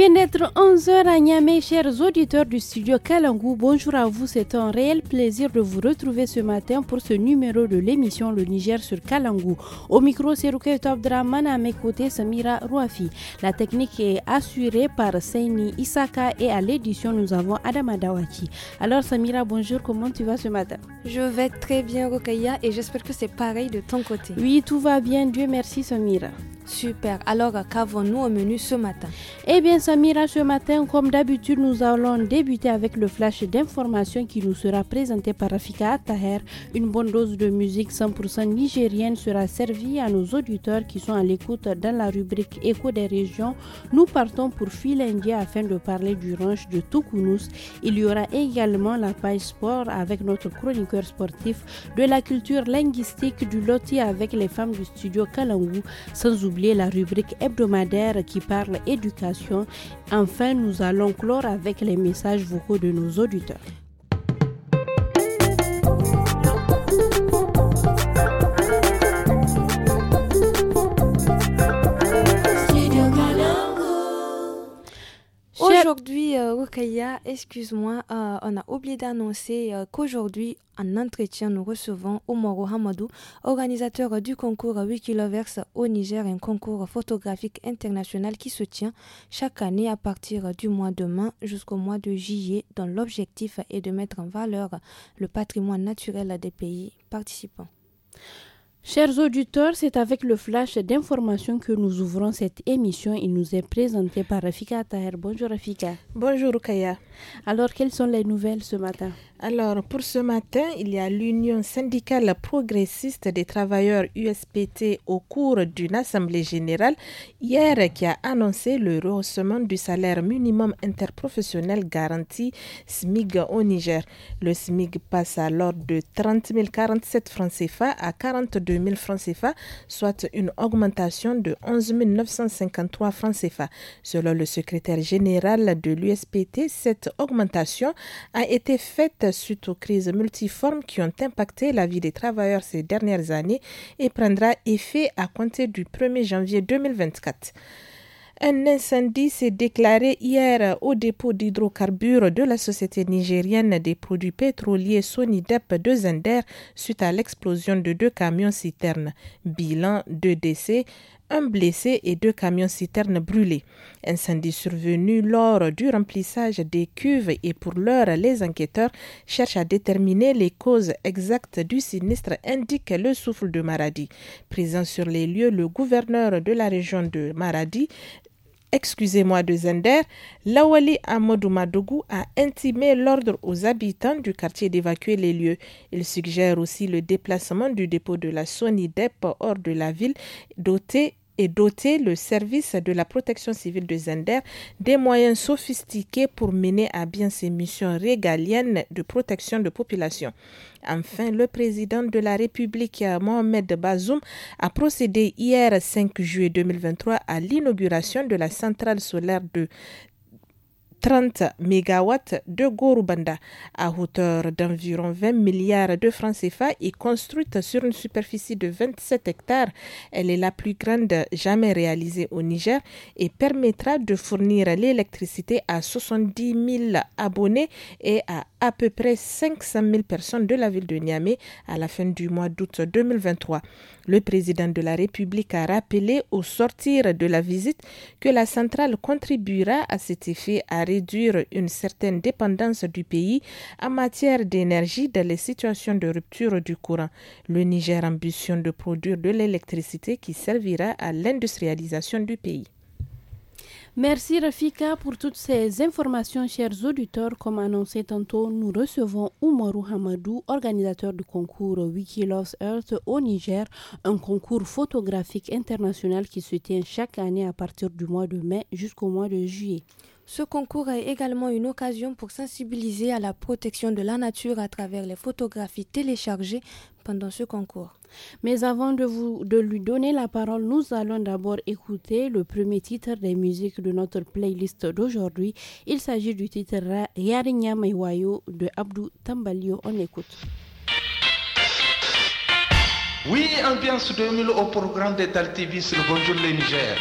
vient d'être 11h à Niamey, chers auditeurs du studio Kalangou. Bonjour à vous, c'est un réel plaisir de vous retrouver ce matin pour ce numéro de l'émission Le Niger sur Kalangou. Au micro, c'est Rukai Draman à mes côtés, Samira Rouafi. La technique est assurée par Seini Isaka et à l'édition, nous avons Adama Dawaki. Alors, Samira, bonjour, comment tu vas ce matin Je vais très bien, Rukaya, et j'espère que c'est pareil de ton côté. Oui, tout va bien, Dieu merci, Samira. Super, alors qu'avons-nous au menu ce matin Eh bien, Samira, ce matin, comme d'habitude, nous allons débuter avec le flash d'information qui nous sera présenté par Rafika Attaher. Une bonne dose de musique 100% nigérienne sera servie à nos auditeurs qui sont à l'écoute dans la rubrique Écho des régions. Nous partons pour Philindia afin de parler du ranch de Toukounous. Il y aura également la page sport avec notre chroniqueur sportif, de la culture linguistique du loti avec les femmes du studio Kalangu, sans oublier la rubrique hebdomadaire qui parle éducation Enfin, nous allons clore avec les messages vocaux de nos auditeurs. Aujourd'hui, euh, excuse-moi, euh, on a oublié d'annoncer euh, qu'aujourd'hui, en entretien, nous recevons Omoro Hamadou, organisateur du concours Wikiloverse au Niger, un concours photographique international qui se tient chaque année à partir du mois de mai jusqu'au mois de juillet, dont l'objectif est de mettre en valeur le patrimoine naturel des pays participants. Chers auditeurs, c'est avec le flash d'information que nous ouvrons cette émission. Il nous est présenté par Rafika Taher. Bonjour Rafika. Bonjour Kaya. Alors, quelles sont les nouvelles ce matin alors, pour ce matin, il y a l'Union syndicale progressiste des travailleurs USPT au cours d'une assemblée générale hier qui a annoncé le rehaussement du salaire minimum interprofessionnel garanti SMIG au Niger. Le SMIG passe alors de 30 047 francs CFA à 42 000 francs CFA, soit une augmentation de 11 953 francs CFA. Selon le secrétaire général de l'USPT, cette augmentation a été faite suite aux crises multiformes qui ont impacté la vie des travailleurs ces dernières années et prendra effet à compter du 1er janvier 2024. Un incendie s'est déclaré hier au dépôt d'hydrocarbures de la société nigérienne des produits pétroliers Sonidep de Zender suite à l'explosion de deux camions citernes. Bilan de décès, un blessé et deux camions-citernes brûlés. Incendie survenu lors du remplissage des cuves et pour l'heure, les enquêteurs cherchent à déterminer les causes exactes du sinistre, indique le souffle de Maradi. Présent sur les lieux, le gouverneur de la région de Maradi, excusez-moi de Zender, Lawali Amadou Madougou a intimé l'ordre aux habitants du quartier d'évacuer les lieux. Il suggère aussi le déplacement du dépôt de la Sony DEP hors de la ville, doté et doter le service de la protection civile de Zender des moyens sophistiqués pour mener à bien ses missions régaliennes de protection de population. Enfin, le président de la République, Mohamed Bazoum, a procédé hier 5 juillet 2023 à l'inauguration de la centrale solaire de 30 MW de Gorubanda à hauteur d'environ 20 milliards de francs CFA et construite sur une superficie de 27 hectares. Elle est la plus grande jamais réalisée au Niger et permettra de fournir l'électricité à 70 000 abonnés et à à peu près 500 000 personnes de la ville de Niamey à la fin du mois d'août 2023. Le président de la République a rappelé au sortir de la visite que la centrale contribuera à cet effet à réduire une certaine dépendance du pays en matière d'énergie dans les situations de rupture du courant. Le Niger ambitionne de produire de l'électricité qui servira à l'industrialisation du pays. Merci Rafika pour toutes ces informations, chers auditeurs. Comme annoncé tantôt, nous recevons Oumarou Hamadou, organisateur du concours Wiki Earth au Niger, un concours photographique international qui se tient chaque année à partir du mois de mai jusqu'au mois de juillet. Ce concours est également une occasion pour sensibiliser à la protection de la nature à travers les photographies téléchargées dans ce concours. Mais avant de, vous, de lui donner la parole, nous allons d'abord écouter le premier titre des musiques de notre playlist d'aujourd'hui. Il s'agit du titre Yarinya Maywayo » de Abdou Tambalio. On écoute. Oui, ambiance 2000 au programme de TV sur Bonjour les Niger.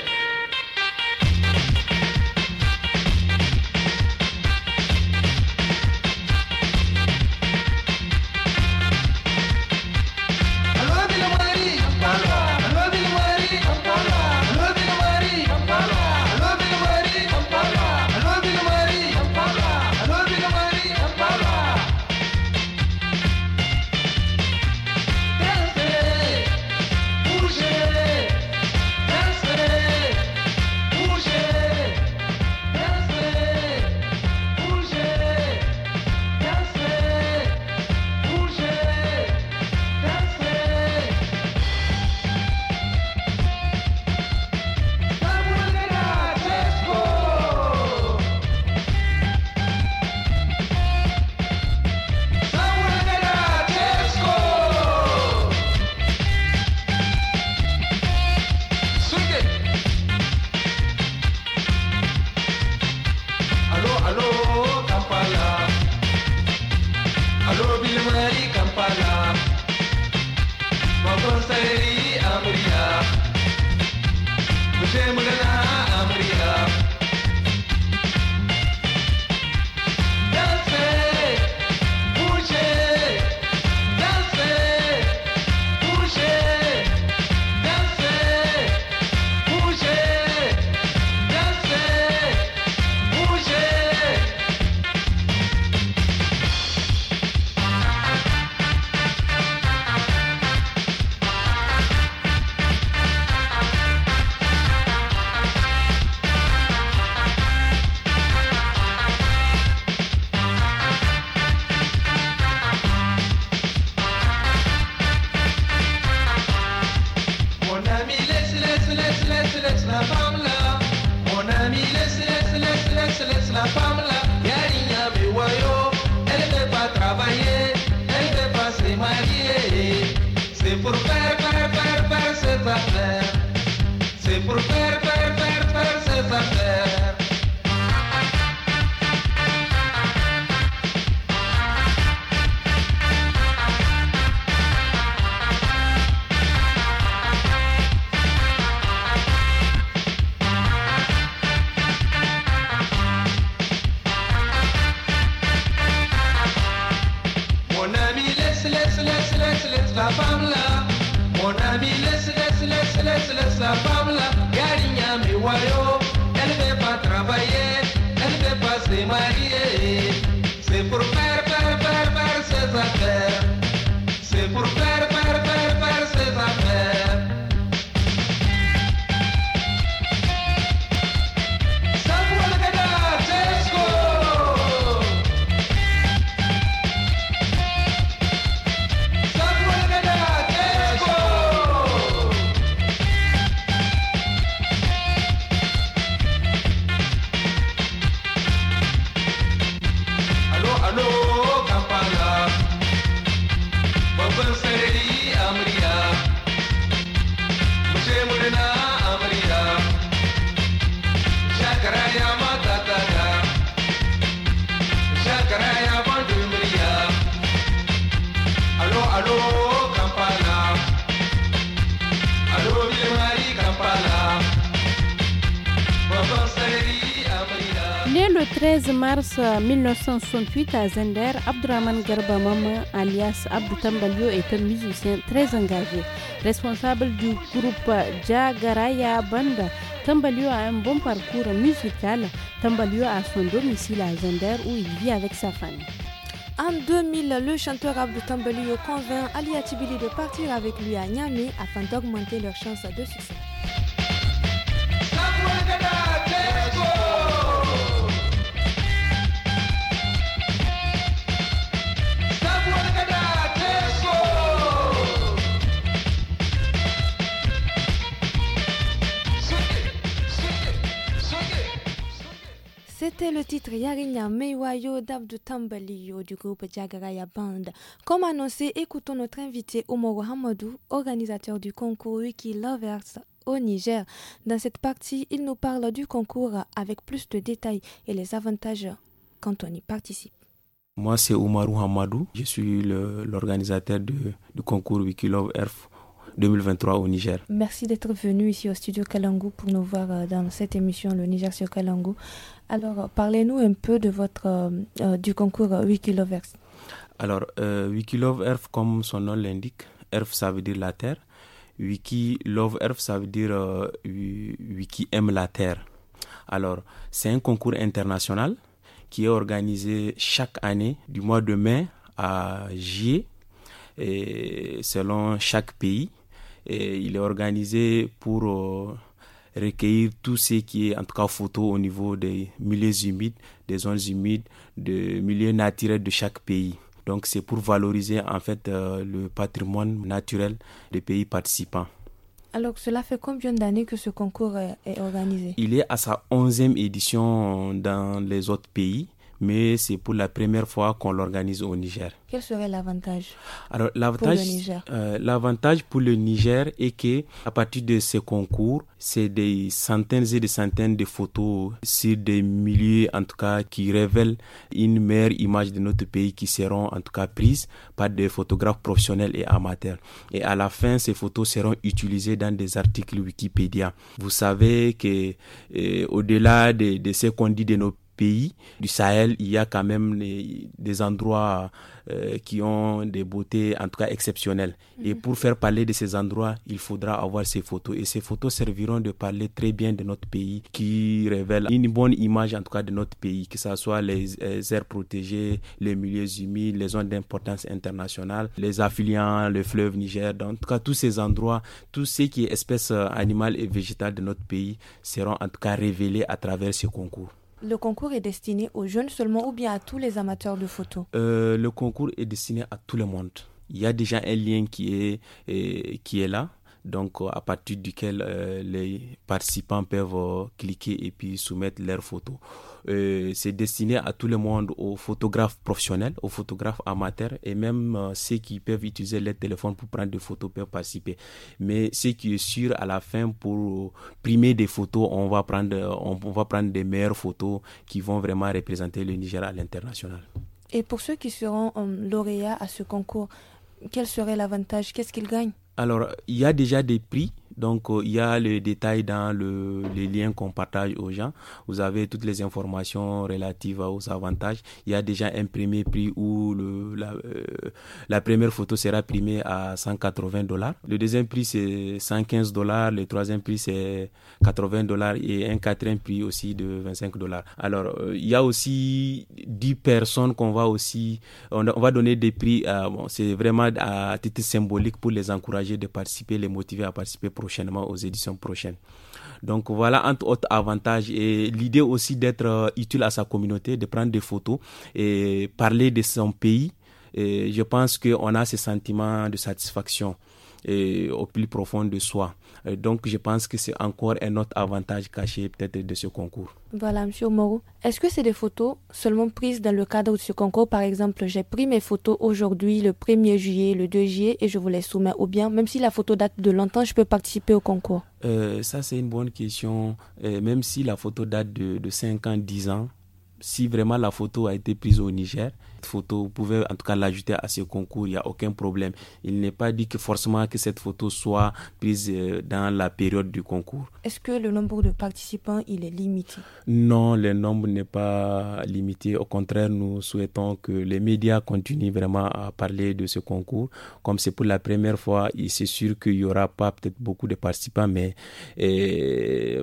1968 à Zender, Abdurrahman Garba alias Abdou Tambalio, est un musicien très engagé. Responsable du groupe Jagaraya Banda, Tambalio a un bon parcours musical. Tambalio a son domicile à Zender où il vit avec sa famille. En 2000, le chanteur Abdou Tambalio convainc Ali Atibili de partir avec lui à Niamey afin d'augmenter leurs chances de succès. C'était le titre Yarinya Meiwayo d'Abdou Tambaliyo du groupe Jagaraya Band. Comme annoncé, écoutons notre invité Omoro Hamadou, organisateur du concours Wiki Lovers au Niger. Dans cette partie, il nous parle du concours avec plus de détails et les avantages quand on y participe. Moi, c'est Omarou Hamadou. Je suis l'organisateur du concours Wikilove Earth 2023 au Niger. Merci d'être venu ici au studio Kalangu pour nous voir euh, dans cette émission Le Niger sur Kalangu. Alors, euh, parlez-nous un peu de votre, euh, du concours 8 Alors, euh, Wikilove comme son nom l'indique, Earth, ça veut dire la terre. Wiki Love Earth, ça veut dire euh, Wiki aime la terre. Alors, c'est un concours international qui est organisé chaque année du mois de mai à juillet et selon chaque pays et il est organisé pour euh, recueillir tout ce qui est en tout cas photo au niveau des milieux humides, des zones humides, des milieux naturels de chaque pays. Donc c'est pour valoriser en fait euh, le patrimoine naturel des pays participants. Alors cela fait combien d'années que ce concours est organisé Il est à sa 11e édition dans les autres pays mais c'est pour la première fois qu'on l'organise au Niger. Quel serait l'avantage Alors l'avantage, euh, l'avantage pour le Niger est que à partir de ce concours, c'est des centaines et des centaines de photos sur des milliers en tout cas qui révèlent une meilleure image de notre pays qui seront en tout cas prises par des photographes professionnels et amateurs. Et à la fin, ces photos seront utilisées dans des articles Wikipédia. Vous savez que euh, au-delà de, ce qu'on dit de nos pays du Sahel, il y a quand même des endroits euh, qui ont des beautés en tout cas exceptionnelles. Et mhm. pour faire parler de ces endroits, il faudra avoir ces photos. Et ces photos serviront de parler très bien de notre pays, qui révèle une bonne image en tout cas de notre pays, que ce soit les, aires protégées, les milieux humides, les zones d'importance internationale, les affluents, le fleuve Niger. en tout cas, tous ces endroits, tous ce qui est espèces euh, animales et végétales de notre pays seront en tout cas révélés à travers ce concours. Le concours est destiné aux jeunes seulement ou bien à tous les amateurs de photos euh, Le concours est destiné à tout le monde. Il y a déjà un lien qui est, euh, qui est là donc euh, à partir duquel les participants peuvent cliquer et puis soumettre leurs photos. Euh, c'est destiné à tout le monde, aux photographes professionnels, aux photographes amateurs et même euh, ceux qui peuvent utiliser leur téléphone pour prendre des photos peuvent participer. Mais ceux qui sont sûr, à la fin, pour euh, primer des photos, on va prendre, on va prendre des meilleures photos qui vont vraiment représenter le Niger à l'international. Et pour ceux qui seront lauréats à ce concours, quel serait l'avantage Qu'est-ce qu'ils gagnent alors, il y a déjà des prix donc, euh, il y a les détails dans le, les liens qu'on partage aux gens. Vous avez toutes les informations relatives aux avantages. Il y a déjà un premier prix où euh, la, première photo sera primée à 180 dollars. Le deuxième prix, c'est 115 dollars. Le troisième prix, c'est 80 dollars. Et un quatrième prix aussi de 25 dollars. Alors, euh, il y a aussi 10 personnes qu'on va aussi... On, va donner des prix, c'est vraiment à titre symbolique pour les encourager de participer, les motiver à participer prochainement aux éditions prochaines. Donc voilà, entre autres avantages, et l'idée aussi d'être euh, utile à sa communauté, de prendre des photos et parler de son pays. je pense qu'on a ce sentiment de satisfaction et au plus profond de soi. Euh, donc, je pense que c'est encore un autre avantage caché peut-être de ce concours. Voilà, Monsieur Moreau. Est-ce que c'est des photos seulement prises dans le cadre de ce concours Par exemple, j'ai pris mes photos aujourd'hui, le 1er juillet, le 2 juillet, et je vous les soumets. Ou bien, même si la photo date de longtemps, je peux participer au concours euh, Ça, c'est une bonne question. Euh, même si la photo date de, de 5 ans, 10 ans, si vraiment la photo a été prise au Niger, photo vous pouvez en tout cas l'ajouter à ce concours, il n'y a aucun problème. Il n'est pas dit que forcément que cette photo soit prise euh, dans la période du concours. Est-ce que le nombre de participants, il est limité Non, le nombre n'est pas limité. Au contraire, nous souhaitons que les médias continuent vraiment à parler de ce concours. Comme c'est pour la première fois, c'est sûr qu'il n'y aura pas peut-être beaucoup de participants, mais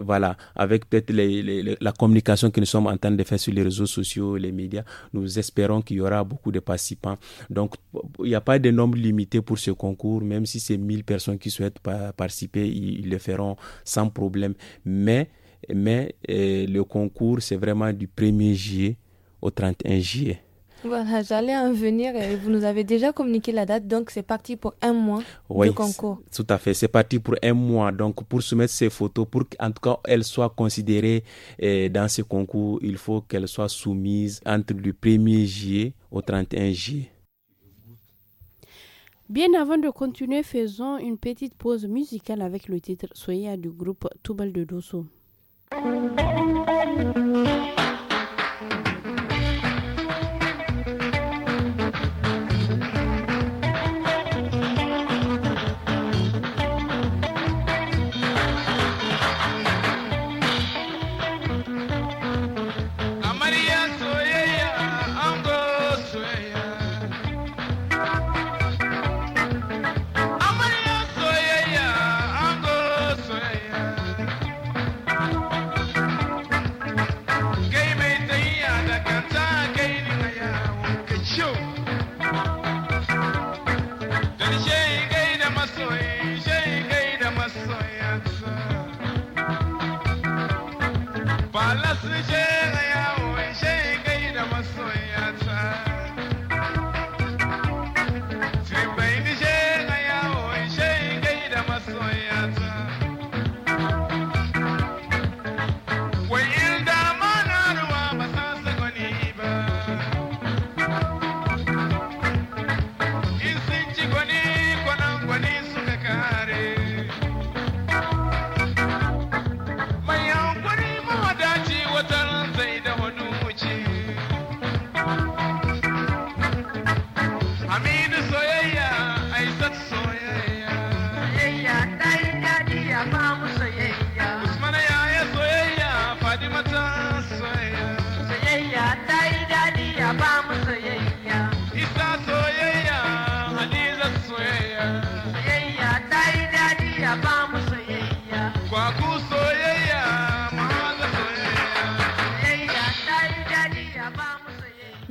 voilà, avec peut-être la communication que nous sommes en train de faire sur les réseaux sociaux, les médias, nous espérons qu'il y aura aura beaucoup de participants. Donc, il n'y a pas de nombre limité pour ce concours. Même si c'est 1000 personnes qui souhaitent participer, ils, le feront sans problème. Mais, mais euh, le concours, c'est vraiment du 1er juillet au 31 juillet j'allais en venir. Vous nous avez déjà communiqué la date, donc c'est parti pour un mois oui, de concours. Tout à fait, c'est parti pour un mois. Donc pour soumettre ces photos, pour qu'en tout cas elles soient considérées eh, dans ce concours, il faut qu'elles soient soumises entre le 1er juillet au 31 juillet. Bien avant de continuer, faisons une petite pause musicale avec le titre Soya du groupe Toubal de Dosso.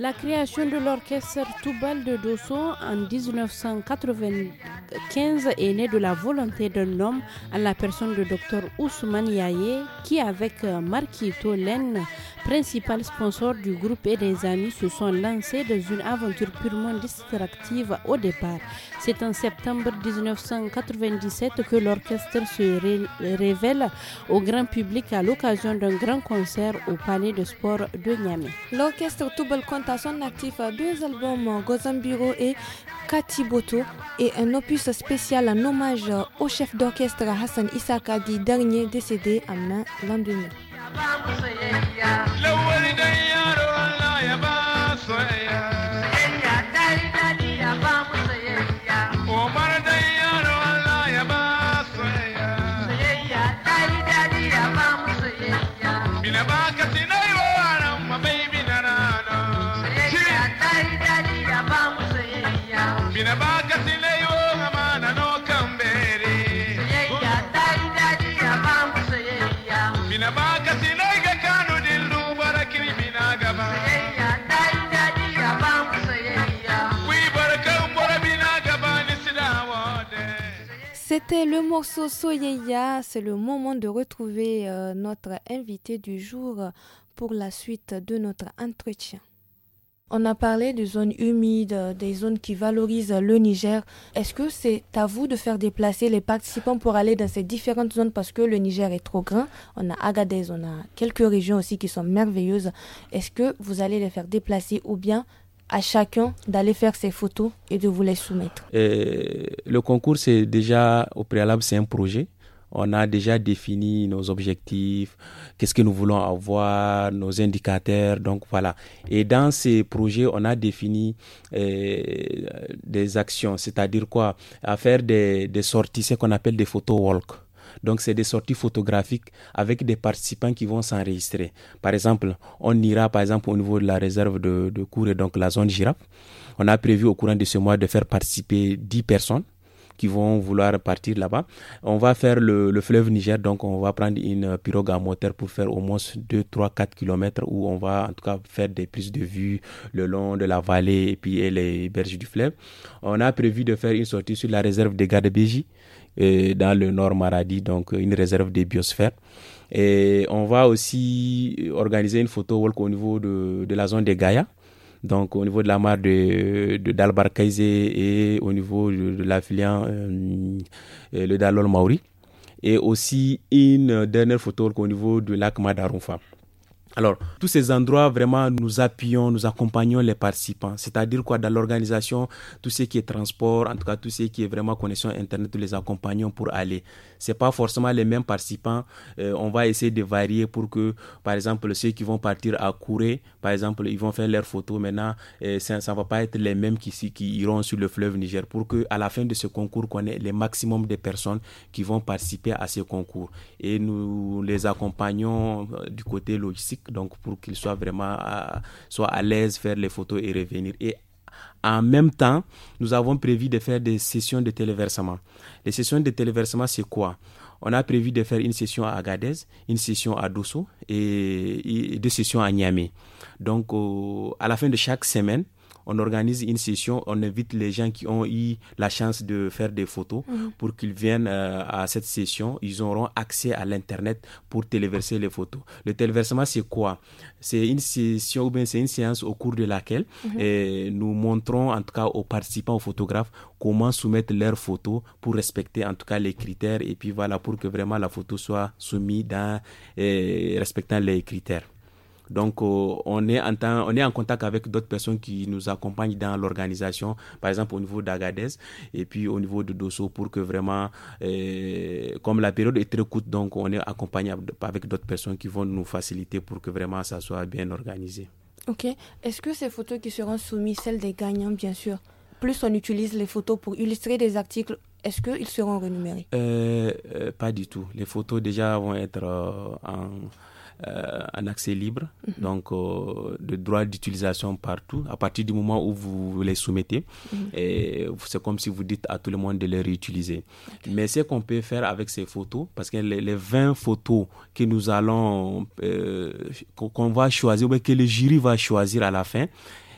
La création de l'orchestre Toubal de Dosso en 1980. 15 est né de la volonté d'un homme à la personne de docteur Ousmane Yaye qui avec euh, Marquito Len, principal sponsor du groupe et des amis se sont lancés dans une aventure purement distractive au départ. C'est en septembre 1997 que l'orchestre se révèle au grand public à l'occasion d'un grand concert au Palais de Sport de Niamey. L'orchestre Toubal compte à son actif deux albums Gozambiro et Katiboto et un opus spécial en hommage au chef d'orchestre Hassan Isaka, dit dernier décédé en l'an 2000. C'était le morceau Soyeya. C'est le moment de retrouver euh, notre invité du jour pour la suite de notre entretien. On a parlé des zones humides, des zones qui valorisent le Niger. Est-ce que c'est à vous de faire déplacer les participants pour aller dans ces différentes zones parce que le Niger est trop grand On a Agadez, on a quelques régions aussi qui sont merveilleuses. Est-ce que vous allez les faire déplacer ou bien à chacun d'aller faire ses photos et de vous les soumettre. Et le concours, c'est déjà au préalable, c'est un projet. On a déjà défini nos objectifs, qu'est-ce que nous voulons avoir, nos indicateurs, donc voilà. Et dans ces projets, on a défini euh, des actions, c'est-à-dire quoi À faire des, des sorties, ce qu'on appelle des photo walks. Donc, c'est des sorties photographiques avec des participants qui vont s'enregistrer. Par exemple, on ira, par exemple, au niveau de la réserve de, de cours et donc la zone girafe. On a prévu au courant de ce mois de faire participer 10 personnes qui vont vouloir partir là-bas. On va faire le, fleuve Niger, donc on va prendre une pirogue à moteur pour faire au moins 2, 3, 4 km où on va en tout cas faire des prises de vue le long de la vallée et puis les berges du fleuve. On a prévu de faire une sortie sur la réserve des Gardes Béji dans le Nord Maradi, donc euh, une réserve des biosphères. Et on va aussi organiser une photo walk au niveau de, de la zone des Gaïa, donc au niveau de la mare de, de et au niveau de, la l'affiliant euh, le Dalol Maori. Et aussi une dernière photo walk au niveau du lac Madarunfa. Alors, tous ces endroits, vraiment, nous appuyons, nous accompagnons les participants. C'est-à-dire quoi, dans l'organisation, tout ce qui est transport, en tout cas, tout ce qui est vraiment connexion Internet, nous les accompagnons pour aller c'est pas forcément les mêmes participants. Euh, on va essayer de varier pour que, par exemple, ceux qui vont partir à courir, par exemple, ils vont faire leurs photos maintenant. ça, ne va pas être les mêmes qui, qui iront sur le fleuve Niger pour que, à la fin de ce concours, qu'on ait le maximum de personnes qui vont participer à ce concours. Et nous les accompagnons euh, du côté logistique, donc pour qu'ils soient vraiment à, à l'aise, faire les photos et revenir. En même temps, nous avons prévu de faire des sessions de téléversement. Les sessions de téléversement, c'est quoi on a prévu de faire une session à Agadez, une session à Dosso et, deux sessions à Niamey. Donc, à la fin de chaque semaine, on organise une session, on invite les gens qui ont eu la chance de faire des photos mhm. pour qu'ils viennent euh, à cette session. Ils auront accès à l'Internet pour téléverser les photos. Le téléversement, c'est quoi C'est une session ou bien c'est une séance au cours de laquelle mhm. nous montrons en tout cas aux participants, aux photographes, comment soumettre leurs photos pour respecter en tout cas les critères et puis voilà pour que vraiment la photo soit soumise dans, respectant les critères. Donc, euh, on, est en on est en contact avec d'autres personnes qui nous accompagnent dans l'organisation, par exemple au niveau d'Agadez et puis au niveau de Dosso, pour que vraiment, euh, comme la période est très courte, donc on est accompagné avec d'autres personnes qui vont nous faciliter pour que vraiment ça soit bien organisé. Ok. Est-ce que ces photos qui seront soumises, celles des gagnants, bien sûr, plus on utilise les photos pour illustrer des articles est-ce qu'ils seront rémunérés euh, Pas du tout. Les photos déjà vont être en, euh, un accès libre, mhm. donc euh, de droits d'utilisation partout. À partir du moment où vous les soumettez, mhm. c'est comme si vous dites à tout le monde de les réutiliser. Mais ce qu'on peut faire avec ces photos, parce que les, 20 photos que nous allons, euh, qu'on va choisir, ou que le jury va choisir à la fin,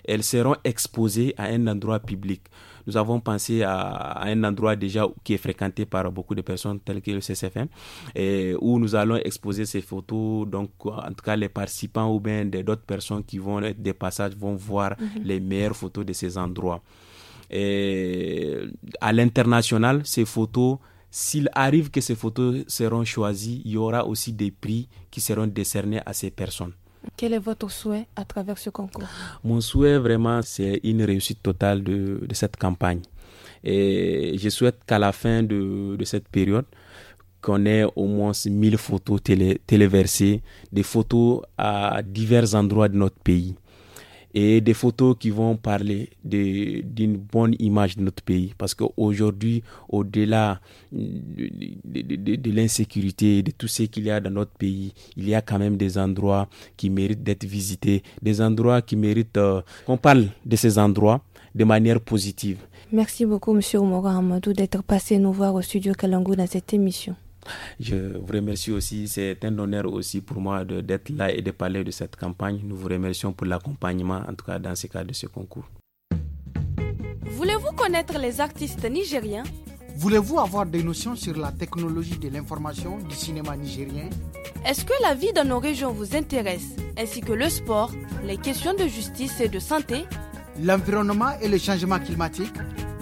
elles seront exposées à un endroit public. Nous avons pensé à, un endroit déjà qui est fréquenté par beaucoup de personnes tel que le CCFM, où nous allons exposer ces photos. Donc, en tout cas, les participants ou bien d'autres personnes qui vont être des passages vont voir mhm. les meilleures photos de ces endroits. Et à l'international, ces photos s'il arrive que ces photos seront choisies, il y aura aussi des prix qui seront décernés à ces personnes. Quel est votre souhait à travers ce concours Mon souhait vraiment, c'est une réussite totale de, cette campagne. Et je souhaite qu'à la fin de, cette période, qu'on ait au moins 1000 photos téléversées, des photos à divers endroits de notre pays et des photos qui vont parler d'une bonne image de notre pays. Parce qu'aujourd'hui, au-delà de, de, de, de l'insécurité, de tout ce qu'il y a dans notre pays, il y a quand même des endroits qui méritent d'être visités, des endroits qui méritent on euh, qu'on parle de ces endroits de manière positive. Merci beaucoup, M. Oumora Hamadou, d'être passé nous voir au studio Kalangou dans cette émission. Je vous remercie aussi. C'est un honneur aussi pour moi d'être là et de parler de cette campagne. Nous vous remercions pour l'accompagnement, en tout cas dans ce cas de ce concours. Voulez-vous connaître les artistes nigériens Voulez-vous avoir des notions sur la technologie de l'information du cinéma nigérien Est-ce que la vie dans nos régions vous intéresse, ainsi que le sport, les questions de justice et de santé L'environnement et le changement climatique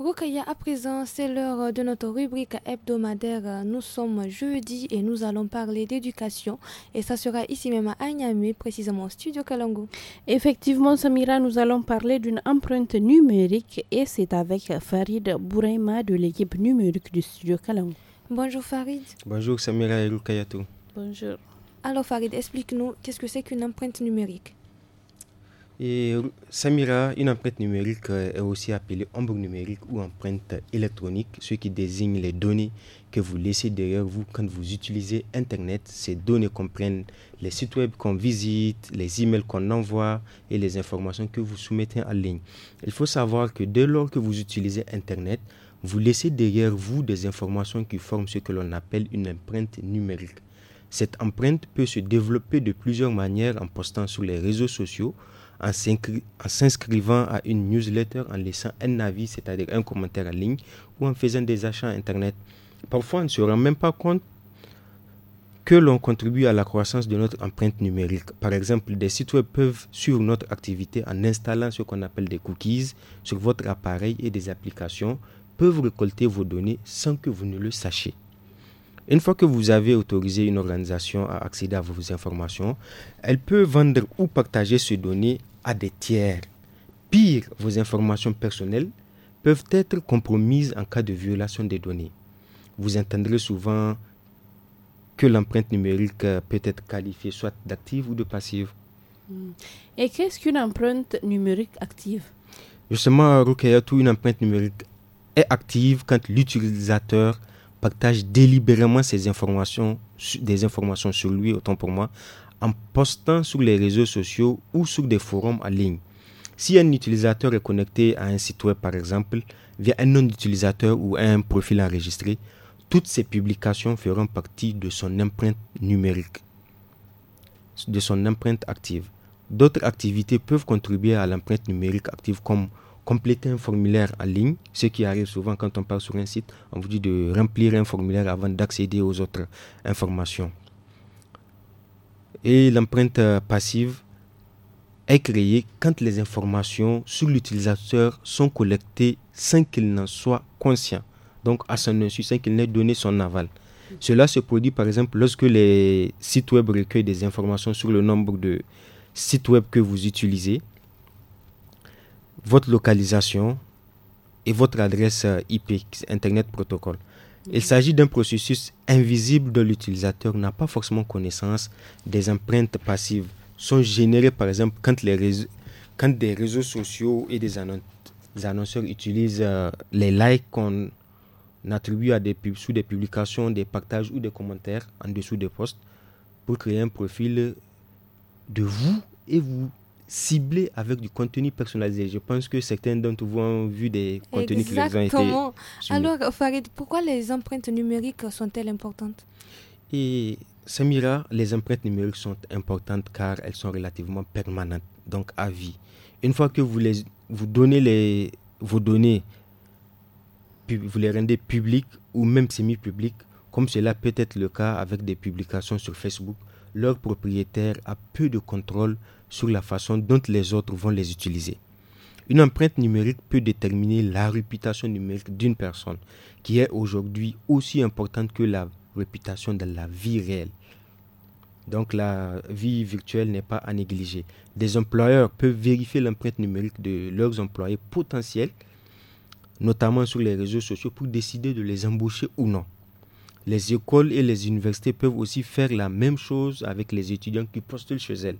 Rukaya, à présent, c'est l'heure de notre rubrique hebdomadaire. Nous sommes jeudi et nous allons parler d'éducation. Et ça sera ici même à Niamey, précisément au studio Kalango. Effectivement, Samira, nous allons parler d'une empreinte numérique et c'est avec Farid Bouraima de l'équipe numérique du studio Kalango. Bonjour Farid. Bonjour Samira et Rukayatou. Bonjour. Alors Farid, explique-nous qu'est-ce que c'est qu'une empreinte numérique et euh, Samira, une empreinte numérique euh, est aussi appelée ombre numérique ou empreinte électronique, ce qui désigne les données que vous laissez derrière vous quand vous utilisez Internet. Ces données comprennent les sites web qu'on visite, les emails qu'on envoie et les informations que vous soumettez en ligne. Il faut savoir que dès lors que vous utilisez Internet, vous laissez derrière vous des informations qui forment ce que l'on appelle une empreinte numérique. Cette empreinte peut se développer de plusieurs manières en postant sur les réseaux sociaux, en s'inscrivant à une newsletter, en laissant un avis, c'est-à-dire un commentaire en ligne, ou en faisant des achats Internet. Parfois, on ne se rend même pas compte que l'on contribue à la croissance de notre empreinte numérique. Par exemple, des sites web peuvent suivre notre activité en installant ce qu'on appelle des cookies sur votre appareil et des applications peuvent récolter vos données sans que vous ne le sachiez. Une fois que vous avez autorisé une organisation à accéder à vos informations, elle peut vendre ou partager ces données à des tiers. Pire, vos informations personnelles peuvent être compromises en cas de violation des données. Vous entendrez souvent que l'empreinte numérique euh, peut être qualifiée soit d'active ou de passive. Hmm. Et qu'est-ce qu'une empreinte numérique active Justement, Rukayatou, une empreinte numérique est active quand l'utilisateur partage délibérément ses informations, des informations sur lui, autant pour moi, en postant sur les réseaux sociaux ou sur des forums en ligne. Si un utilisateur est connecté à un site web par exemple, via un nom d'utilisateur ou un profil enregistré, toutes ces publications feront partie de son empreinte numérique, de son empreinte active. D'autres activités peuvent contribuer à l'empreinte numérique active comme compléter un formulaire en ligne, ce qui arrive souvent quand on parle sur un site, on vous dit de remplir un formulaire avant d'accéder aux autres informations. Et l'empreinte passive est créée quand les informations sur l'utilisateur sont collectées sans qu'il n'en soit conscient, donc à son insu, sans qu'il n'ait donné son aval. Cela se produit par exemple lorsque les sites web recueillent des informations sur le nombre de sites web que vous utilisez, votre localisation et votre adresse euh, IP, Internet Protocol. Il s'agit d'un processus invisible dont l'utilisateur n'a pas forcément connaissance. Des empreintes passives sont générées par exemple quand, les quand des réseaux sociaux et des, annonceurs utilisent euh, les likes qu'on attribue à des sous des publications, des partages ou des commentaires en dessous des posts pour créer un profil de vous et vous ciblé avec du contenu personnalisé. Je pense que certains d'entre vous ont vu des contenus qui les ont été... Alors, Farid, pourquoi les empreintes numériques sont-elles importantes Et Samira, les empreintes numériques sont importantes car elles sont relativement permanentes, donc à vie. Une fois que vous, les, vous donnez les, vos données, vous les rendez publiques ou même semi-publiques, comme cela peut être le cas avec des publications sur Facebook, leur propriétaire a peu de contrôle sur la façon dont les autres vont les utiliser. Une empreinte numérique peut déterminer la réputation numérique d'une personne, qui est aujourd'hui aussi importante que la réputation de la vie réelle. Donc la vie virtuelle n'est pas à négliger. Des employeurs peuvent vérifier l'empreinte numérique de leurs employés potentiels, notamment sur les réseaux sociaux, pour décider de les embaucher ou non. Les écoles et les universités peuvent aussi faire la même chose avec les étudiants qui postulent chez elles.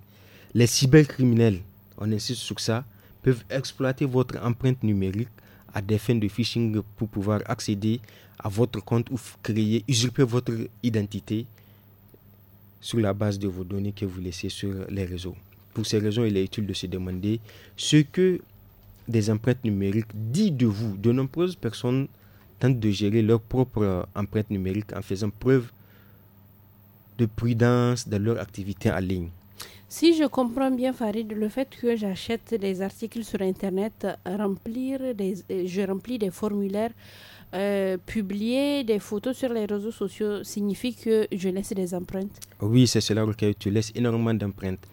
Les cybercriminels, on insiste sur ça, peuvent exploiter votre empreinte numérique à des fins de phishing pour pouvoir accéder à votre compte ou créer, usurper votre identité sur la base de vos données que vous laissez sur les réseaux. Pour ces raisons, il est utile de se demander ce que des empreintes numériques disent de vous. De nombreuses personnes tentent de gérer leur propre empreinte numérique en faisant preuve de prudence dans leur activité en ligne. Si je comprends bien, Farid, le fait que j'achète des articles sur Internet, remplir des, je remplis des formulaires, euh, publier des photos sur les réseaux sociaux signifie que je laisse des empreintes Oui, c'est cela, tu laisses énormément d'empreintes.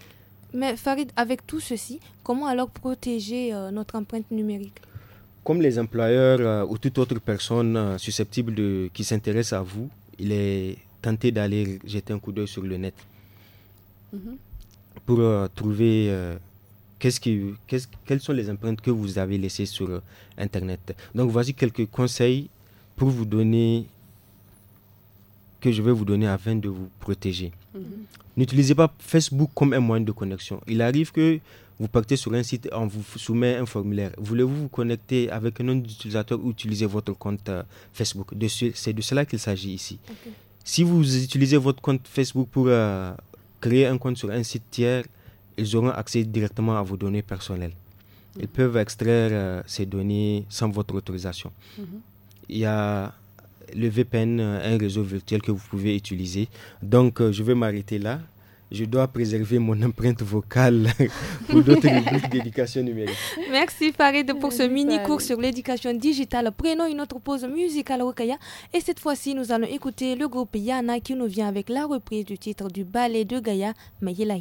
Mais Farid, avec tout ceci, comment alors protéger euh, notre empreinte numérique Comme les employeurs euh, ou toute autre personne susceptible de, qui s'intéresse à vous, il est tenté d'aller jeter un coup d'œil sur le net. Mhm pour euh, trouver euh, qu'est-ce qui, ce quelles sont les empreintes que vous avez laissées sur euh, Internet. Donc voici quelques conseils pour vous donner que je vais vous donner afin de vous protéger. Mm-hmm. N'utilisez pas Facebook comme un moyen de connexion. Il arrive que vous partez sur un site, on vous soumet un formulaire. Voulez-vous vous connecter avec un nom d'utilisateur ou utiliser votre compte Facebook C'est de cela qu'il s'agit ici. Si vous utilisez votre compte Facebook pour créer un compte sur un site tiers, ils auront accès directement à vos données personnelles. Ils mhm. peuvent extraire euh, ces données sans votre autorisation. Mhm. Il y a le VPN, euh, un réseau virtuel que vous pouvez utiliser. Donc, euh, je vais m'arrêter là je dois préserver mon empreinte vocale pour d'autres rubriques d'éducation numérique. Merci Farid pour ce mini-cours sur l'éducation digitale. Prenons une autre pause musicale au Kaya et cette fois-ci nous allons écouter le groupe Yana qui nous vient avec la reprise du titre du ballet de Gaïa, Mayela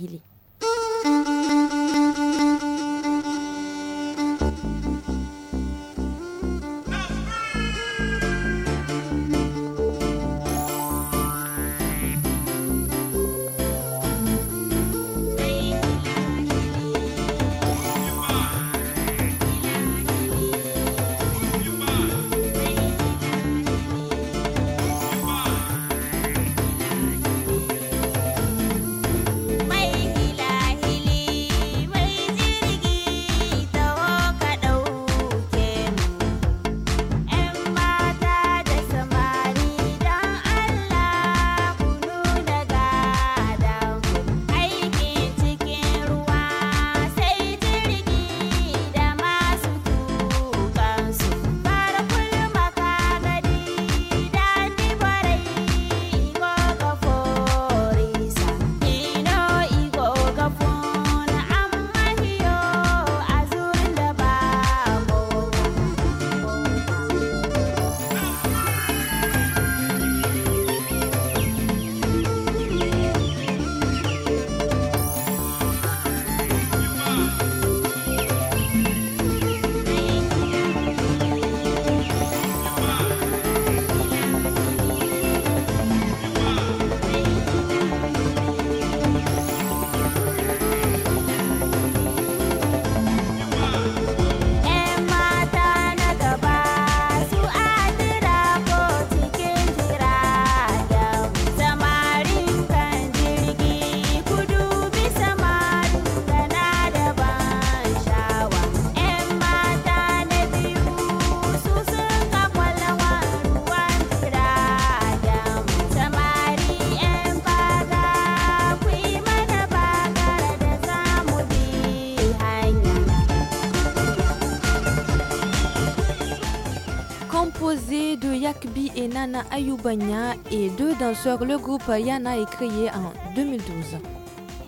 Yana Ayubanya et deux danseurs. Le groupe Yana est créé en 2012.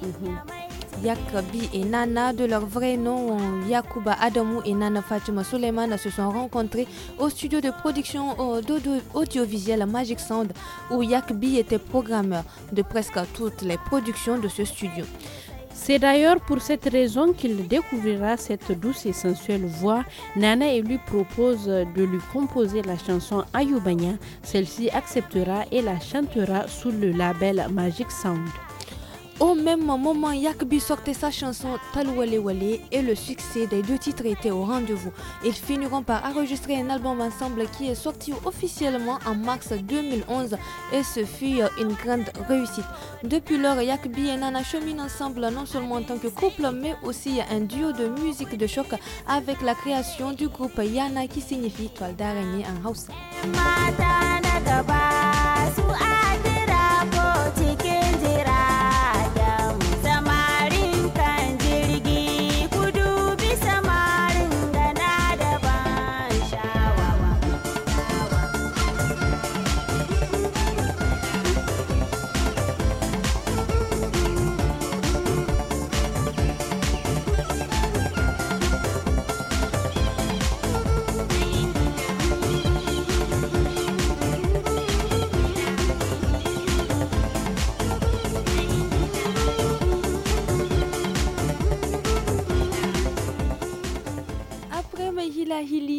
Mhm. Yakbi et Nana, de leur vrai nom Yakuba Adamou et Nana Fatima Suleiman, se sont rencontrés au studio de production euh, audiovisuelle Magic Sound où Yakbi était programmeur de presque toutes les productions de ce studio. C'est d'ailleurs pour cette raison qu'il découvrira cette douce et sensuelle voix. Nana et lui propose de lui composer la chanson Ayubanya. Celle-ci acceptera et la chantera sous le label Magic Sound. Au même moment, Yakbi sortait sa chanson Tal Wale et le succès des deux titres était au rendez-vous. Ils finiront par enregistrer un album ensemble qui est sorti officiellement en mars 2011 et ce fut une grande réussite. Depuis lors, Yakbi et Nana cheminent ensemble non seulement en tant que couple mais aussi un duo de musique de choc avec la création du groupe Yana qui signifie toile d'araignée en house. Jahili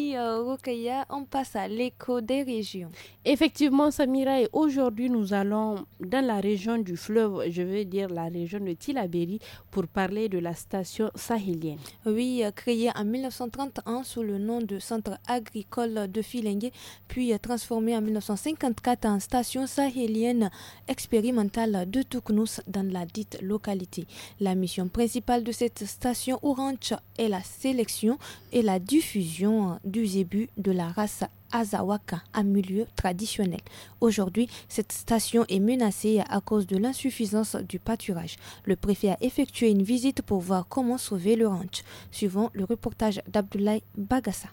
on passe à l'écho des régions. Effectivement, Samira, aujourd'hui, nous allons dans la région du fleuve, je veux dire la région de Tilaberi, pour parler de la station sahélienne. Oui, euh, créée en 1931 sous le nom de Centre agricole de Filengue, puis transformée en 1954 en station sahélienne expérimentale de Touknous dans la dite localité. La mission principale de cette station orange est la sélection et la diffusion du zébu de la race Azawaka un milieu traditionnel. Aujourd'hui, cette station est menacée à cause de l'insuffisance du pâturage. Le préfet a effectué une visite pour voir comment sauver le ranch, suivant le reportage d'Abdoulaye Bagassa.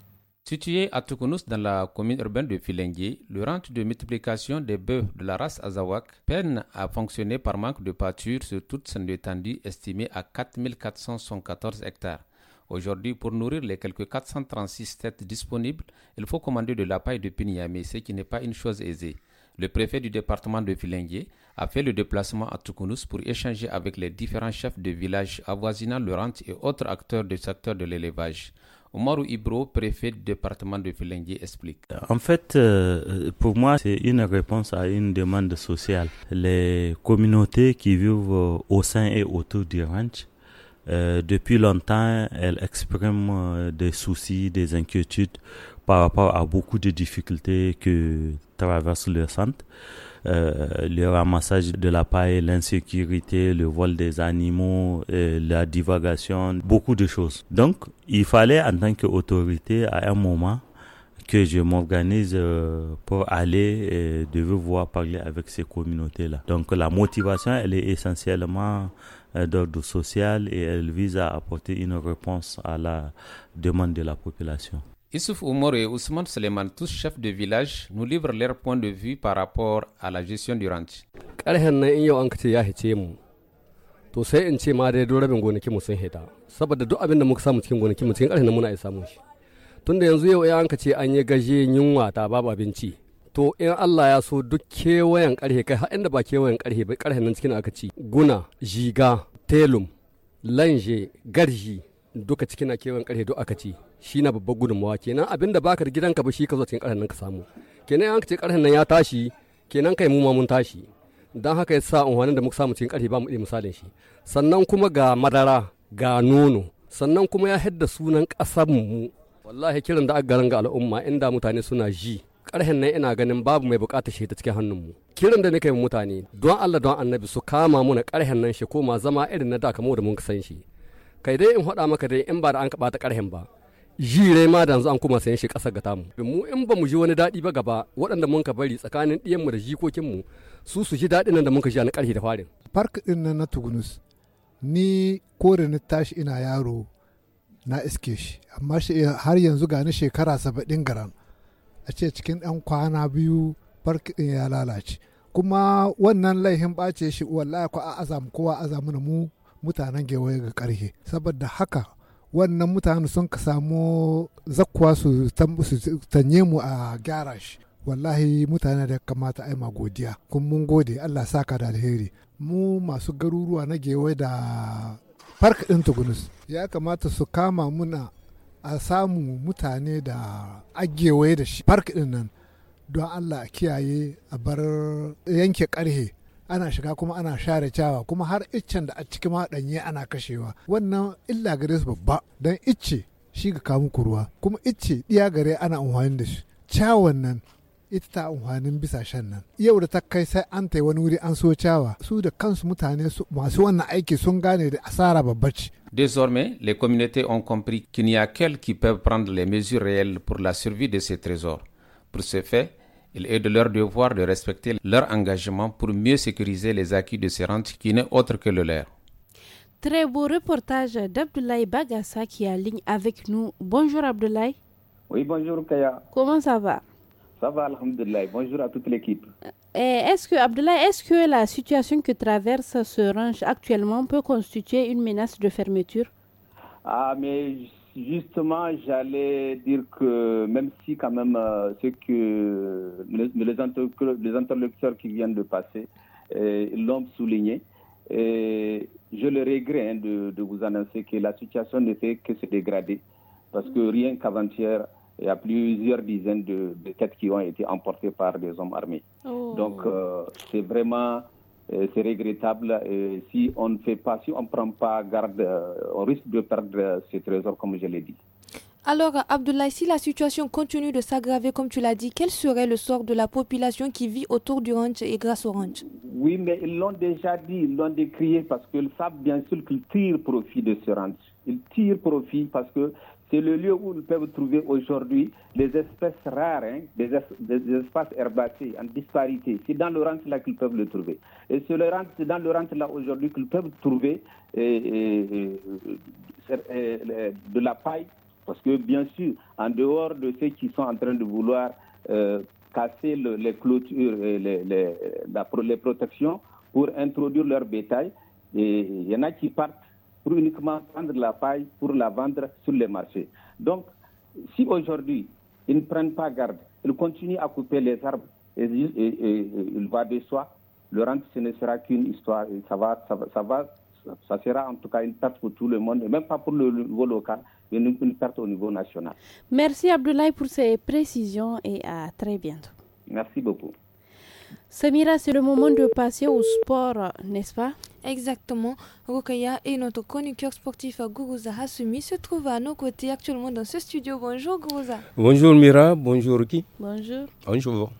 Situé à Tukunus dans la commune urbaine de Filengui, le ranch de multiplication des bœufs de la race Azawak peine à fonctionner par manque de pâture sur toute son étendue estimée à 414 hectares. Aujourd'hui, pour nourrir les quelques 436 têtes disponibles, il faut commander de la paille de Pinyamé, ce qui n'est pas une chose aisée. Le préfet du département de Filingué a fait le déplacement à Tukunus pour échanger avec les différents chefs de village avoisinant le ranch et autres acteurs du secteur de l'élevage. Omarou Ibro, préfet du département de Filingué, explique. En fait, euh, euh, pour moi, c'est une réponse à une demande sociale. Les communautés qui vivent euh, au sein et autour du ranch euh, depuis longtemps, elle exprime euh, des soucis, des inquiétudes par rapport à beaucoup de difficultés que traverse le centre. Euh, le ramassage de la paille, l'insécurité, le vol des animaux, la divagation, beaucoup de choses. Donc, il fallait en tant qu'autorité à un moment que je m'organise pour aller et de parler avec ces communautés-là. Donc la motivation, elle est essentiellement euh, d'ordre social et elle vise à apporter une réponse à la demande de la population. Isouf Oumour et Ousmane Suleiman, tous chefs de village, nous livrent leur point de vue par rapport à la gestion du ranch. to sai in ce ma dai don rabin gonaki mu sun hita saboda duk abin da muka samu cikin gonaki mu cikin ƙarfin muna iya samun shi tunda yanzu yau ya an ka ce an yi gaje yunwa ta babu abinci to in Allah ya so duk kewayen karhe kai har inda ba kewayen karhe ba karhe nan cikin aka ci guna jiga telum lanje garji duka cikin kewayen karhe duk aka ci shi na babbar gudunmawa kenan abinda baka da gidanka ba shi ka zo cikin karhen nan ka samu kenan an ce karhen nan ya tashi kenan kai mu ma mun tashi dan haka ya sa unhwanin da muka samu cikin karhe ba mu iya misalin shi sannan kuma ga madara ga nono sannan kuma ya hadda sunan ƙasarmu. mu wallahi kiran da aka ga al'umma inda mutane suna ji ƙarhen nan ina ganin babu mai buƙatar shi ta cikin hannunmu kiran da nake mutane don Allah don annabi su kama mu na ƙarhen nan shi koma zama irin na da kamar da mun san shi kai dai in faɗa maka dai in ba da an ka ta ƙarhen ba jire ma da yanzu an kuma sayan shi ƙasar ga tamu mu in ba mu ji wani daɗi ba gaba waɗanda mun ka bari tsakanin ɗiyanmu da jikokinmu su su ji daɗin nan da mun ka ji na ƙarfi da farin park ɗin nan na tugunus ni kore ni tashi ina yaro na iske shi amma har yanzu ga gani shekara saba'in garan a ce cikin ɗan kwana biyu barkin ya lalace kuma wannan laihin ɓace shi wallahi ko a azam kowa azamu na mu mutanen gewaye ga ƙarhe saboda haka wannan mutane sun ka samu zakkuwa su tanye mu a gyara shi wallahi mutane da kamata a ma godiya kun mun gode Allah saka da alheri mu masu garuruwa na gewaye da farka ɗin tugunus ya kamata su kama muna a samu mutane da agewaye da shi park din nan don allah a kiyaye a bar yanke karhe ana shiga kuma ana share cawa kuma har iccen da a cikin maɗanye ana kashewa wannan illa gare su babba don icce shi ga kamu ruwa kuma icce ɗiya gare ana amfani da shi ciyawan nan Désormais, les communautés ont compris qu'il n'y a qu'elles qui peuvent prendre les mesures réelles pour la survie de ces trésors. Pour ce fait, il est de leur devoir de respecter leur engagement pour mieux sécuriser les acquis de ces rentes qui n'est autre que le leur. Très beau reportage d'Abdoulaye Bagassa qui est en ligne avec nous. Bonjour Abdoulaye. Oui, bonjour Kaya. Comment ça va ça va, Alhamdulillah. Bonjour à toute l'équipe. Euh, est-ce que, Abdullah, est-ce que la situation que traverse ce ranch actuellement peut constituer une menace de fermeture Ah, mais justement, j'allais dire que même si quand même euh, ce que les, interlocuteurs qui viennent de passer euh, l'ont souligné, je le regrette hein, de, de, vous annoncer que la situation ne fait que se dégrader parce que mm. rien qu'avant-hier, il y a plusieurs dizaines de, têtes qui ont été emportées par des hommes armés. Oh. Donc, euh, c'est vraiment euh, c'est regrettable. si on ne fait pas, si on ne prend pas garde, euh, on risque de perdre ces trésors, comme je l'ai dit. Alors, Abdoulaye, si la situation continue de s'aggraver, comme tu l'as dit, quel serait le sort de la population qui vit autour du ranch et grâce au ranch Oui, mais ils l'ont déjà dit, ils l'ont décrié parce qu'ils savent bien sûr qu'ils tirent profit de ce ranch. Ils tirent profit parce que c'est le lieu où ils peuvent trouver aujourd'hui les espèces rares, hein, des, espaces herbacés en disparité. C'est dans le là qu'ils peuvent le trouver. Et c'est dans le là aujourd'hui qu'ils peuvent trouver de la paille, parce que bien sûr, en dehors de ceux qui sont en train de vouloir euh, casser les clôtures et les, protections pour introduire leur bétail, il y en a qui partent pour uniquement prendre la paille pour la vendre sur les marchés. Donc, si aujourd'hui, ils ne prennent pas garde, ils continuent à couper les arbres, et, ils il va de soi, le rente, ce ne sera qu'une histoire, ça va, ça sera en tout cas une perte pour tout le monde, et même pas pour le niveau local, mais une, une perte au niveau national. Merci Abdoulaye pour ces précisions et à très bientôt. Merci beaucoup. Samira, c'est le moment de passer au sport, n'est-ce pas exactement. Rokaya et notre cœur sportif Guruza Hasumi se trouve à nos côtés actuellement dans ce studio. Bonjour Gourouza. Bonjour Mira, bonjour Ruki. Bonjour. Bonjour.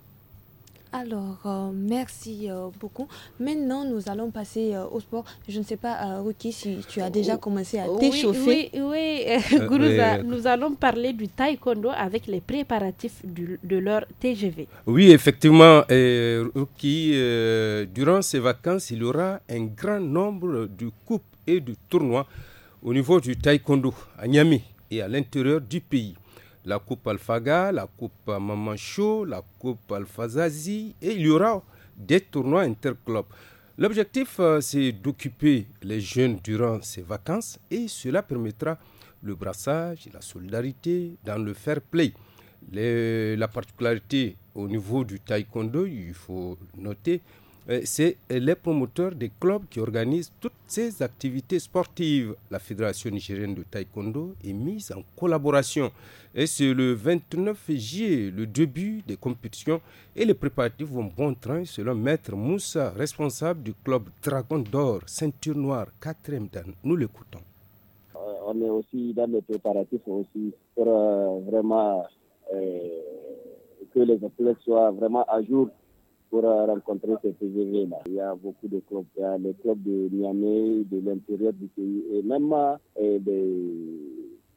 Alors, euh, merci euh, beaucoup. Maintenant, nous allons passer euh, au sport. Je ne sais pas, Ruki, si tu as déjà oh, commencé à oh, t'échauffer. Oui, oui, nous allons parler du taekwondo avec les préparatifs de leur TGV. Oui, effectivement, Ruki, durant ces vacances, il y aura un grand nombre de coupes et de tournois au niveau du taekwondo à Niamey et à l'intérieur du pays la Coupe Alpha-Ga, la Coupe Mamancho, la Coupe Alphazazi, et il y aura des tournois interclubs. L'objectif, euh, c'est d'occuper les jeunes durant ces vacances et cela permettra le brassage, et la solidarité dans le fair play. la particularité au niveau du taekwondo, il faut noter c'est les promoteurs des clubs qui organisent toutes ces activités sportives. La Fédération nigérienne de taekwondo est mise en collaboration et c'est le 29 juillet le début des compétitions et les préparatifs vont bon train selon Maître Moussa, responsable du club Dragon d'Or, ceinture noire, 4e dan. Nous l'écoutons. Euh, on est aussi dans les préparatifs aussi pour euh, vraiment euh, que les athlètes soient vraiment à jour pour rencontrer ces PGV là. Il y a beaucoup de clubs, il y a les clubs de Niamey, de l'intérieur du pays et même eh, des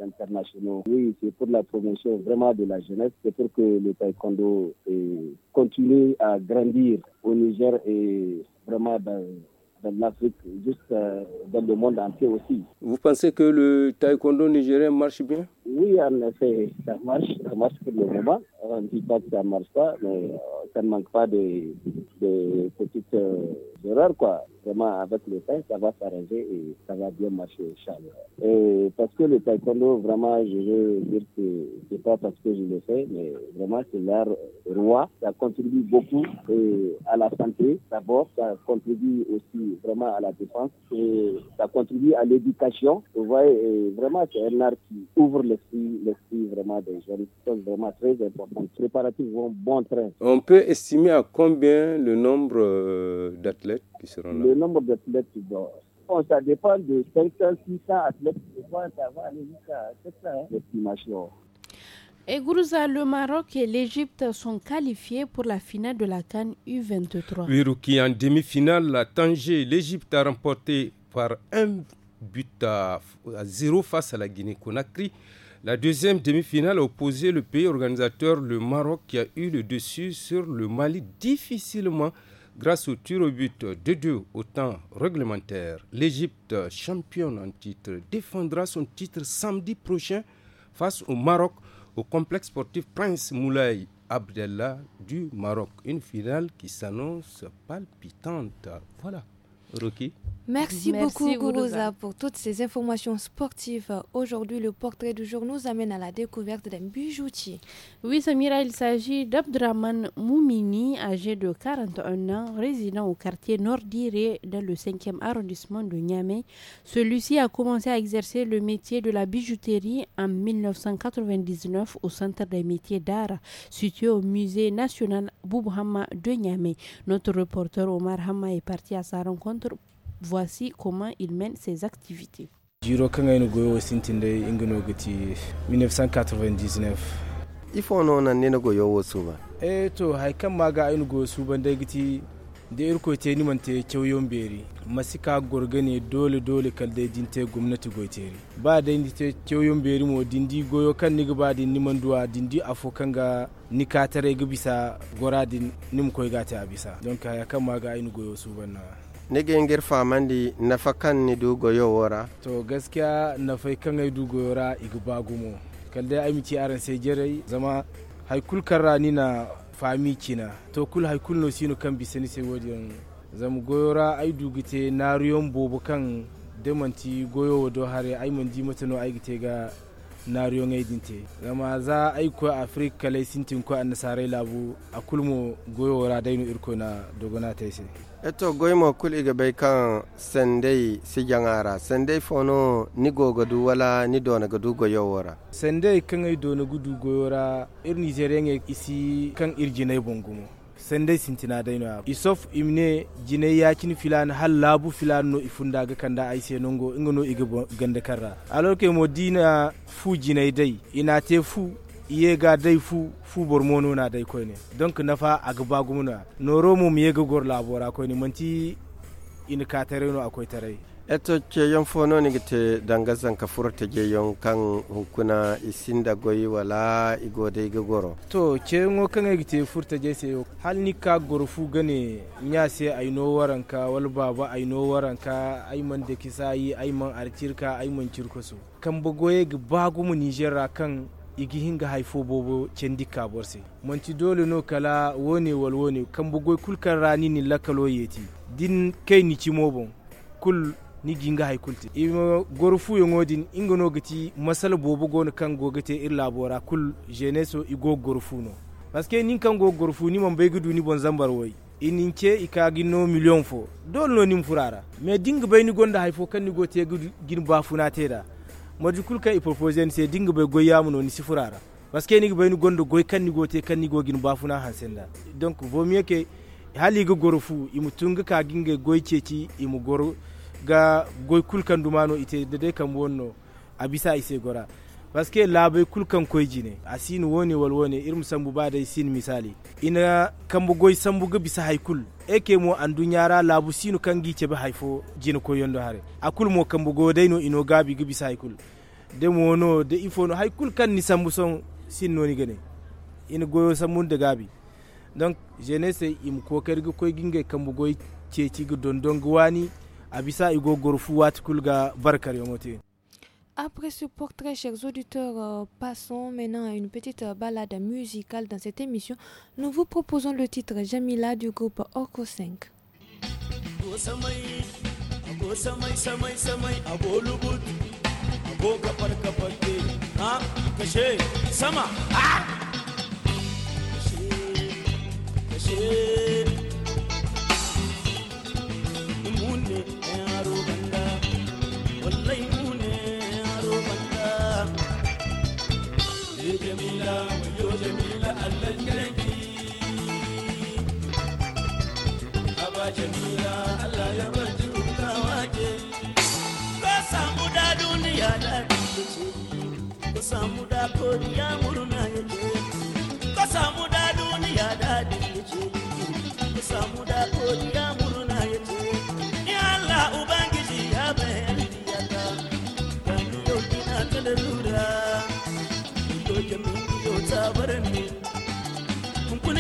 internationaux. Oui, c'est pour la promotion vraiment de la jeunesse, c'est pour que le taekwondo eh, continue à grandir au Niger et vraiment dans dans l'Afrique, juste euh, dans le monde entier aussi. Vous pensez que le taekwondo nigérien marche bien Oui, en effet, ça marche, ça marche pour le moment. On ne dit pas que ça marche pas, mais euh, ça ne manque pas de, petites euh, erreurs, quoi. Vraiment, avec le pain, ça va s'arranger et ça va bien marcher, Charles. Et parce que le taekwondo, vraiment, je veux dire que c'est pas parce que je le fais, mais vraiment, c'est l'art roi. Ça contribue beaucoup à la santé, d'abord. Ça contribue aussi vraiment à la défense et ça contribue à l'éducation. Vous voyez, vraiment, c'est un art qui ouvre l'esprit, l'esprit vraiment des gens C'est vraiment très important. Les préparatifs vont bon train. On peut estimer à combien le nombre euh, d'athlètes athlètes qui seront là Le nombre d'athlètes bon, ça dépend de 500, 600 athlètes. Je crois que ça va aller jusqu'à 700 hein, Et Gourouza, le Maroc et l'Égypte sont qualifiés pour la finale de la Cannes U23. Oui, en demi-finale, la Tanger, l'Égypte a remporté par un but à, à zéro face à la Guinée-Conakry. La deuxième demi-finale opposait le pays organisateur, le Maroc, qui a eu le dessus sur le Mali difficilement Grâce au tir au but de deux au temps réglementaire, l'Égypte, championne en titre, défendra son titre samedi prochain face au Maroc au complexe sportif Prince Moulay Abdellah du Maroc. Une finale qui s'annonce palpitante. Voilà, Rocky. Merci, beaucoup, Gourouza, pour toutes ces informations sportives. Aujourd'hui, le portrait du jour nous amène à la découverte d'un bijoutier. Oui, Samira, il s'agit d'Abdraman Moumini, âgé de 41 ans, résident au quartier Nordiré dans le 5e arrondissement de Niamey. Celui-ci a commencé à exercer le métier de la bijouterie en 1999 au Centre des métiers d'art situé au musée national Boubhama de Niamey. Notre reporter Omar Hama est parti à sa rencontre Voici comment il mène ses activités. 1999 ifo no nan ne na goyo wasu ba eh to hai kan ma ga ainu goyo su ban dagiti da irko te ni man te beri masika gorgane dole dole kal dai jinte gwamnati goiteri ba dai ni te beri mo dindi goyo kan ni ba din dindi afo kan ga ni ka bisa nim koy ga ta bisa don ka ya kan ma girfa ngir di nafa kan ni du wara to gaskiya nafa kan ngai du goyora igba gumo kalde amici aran sai jerai zama haikul karani na fami kina to kul haikul no sino kan bisani sai wodiyon zamu goyora ai dugite riyon bobo kan demanti goyowo do hare ai ji mata no ai gite ga riyon ngai dinte zama za ai ko afrika lai sintin ko annasarai labu akulmo goyowora dainu irko na dogona taise eto kuli kul'iga bay kan sendey si jangara sendey fono ni goga du wala ni dona ga du goyowora sendey kan ay dona gu du goyora ir nigeria nge isi kan irjinay bongumo sendey sintina dayno ya isof imne jine yacin filan halabu filan no ifunda ga kanda ay nongo ingono iga gande karra alors que mo dina fu jine dai ina te fu iye ga dai fu fu bormono na dai koyne donc fa aga bagumuna noro mum yega gor labora koyne manti in ka tareno akwai tare. eto ce yon fono ni gite dangazan ka furta je yon kan hukuna isinda goyi wala igode ga goro to ce ngo kan gite furta je se hal ni ka goro fu gane nya se ai no waranka wal baba ai no waranka ai man de kisayi ai man artirka ai man cirkoso kan bugoye ga bagumu nigerra kan igihinga hinga haifo bobo cendi kaborse dole no kala wone wal wone kan kul ni lakalo yeti din kai ni bon, kul ni ginga kulti ima gorfu yo no ingono gati masal bobo gon kan gogate il kul jeneso igo Paske parce que nin ni ni bon zambar woy ininke ikagino million fo don no nim furara mais ding bayni gonda hay kan ni go gin modi kul kan i proposer se dinga bai goya mu noni sifurara parce que ni bai ni gondo goy kan ni gote kan ni gogin bafuna senda donc vaut mieux que hali ga gorofu i tunga ka ginga goy ceci mu goro ga goy kulka dumano ite da dai kan wonno abisa ise gora paske labai kulkan koyji ne a woni wani walwani irin sambu ba da sin misali ina kambu goy sambu ga bisa haikul eke mo andu nyara labu sinu gice ba haifo ko koyondo hare akul mo kambu go dai no ino gabi ga bisa haikul de mo no de no haikul kan ni sambu son sin noni gane ina goyo sambu da gabi donc jeunesse im kokari ga koi ginga kambu goy ceci ga dondon ga wani a bisa i gorfu watikul ga barkar yomote Après ce portrait, chers auditeurs, euh, passons maintenant à une petite euh, balade musicale dans cette émission. Nous vous proposons le titre Jamila du groupe Orco 5. garbi aba jamila allah ya ba dukawa ke ka samu da duniya da ce ka samu da koriya murna yake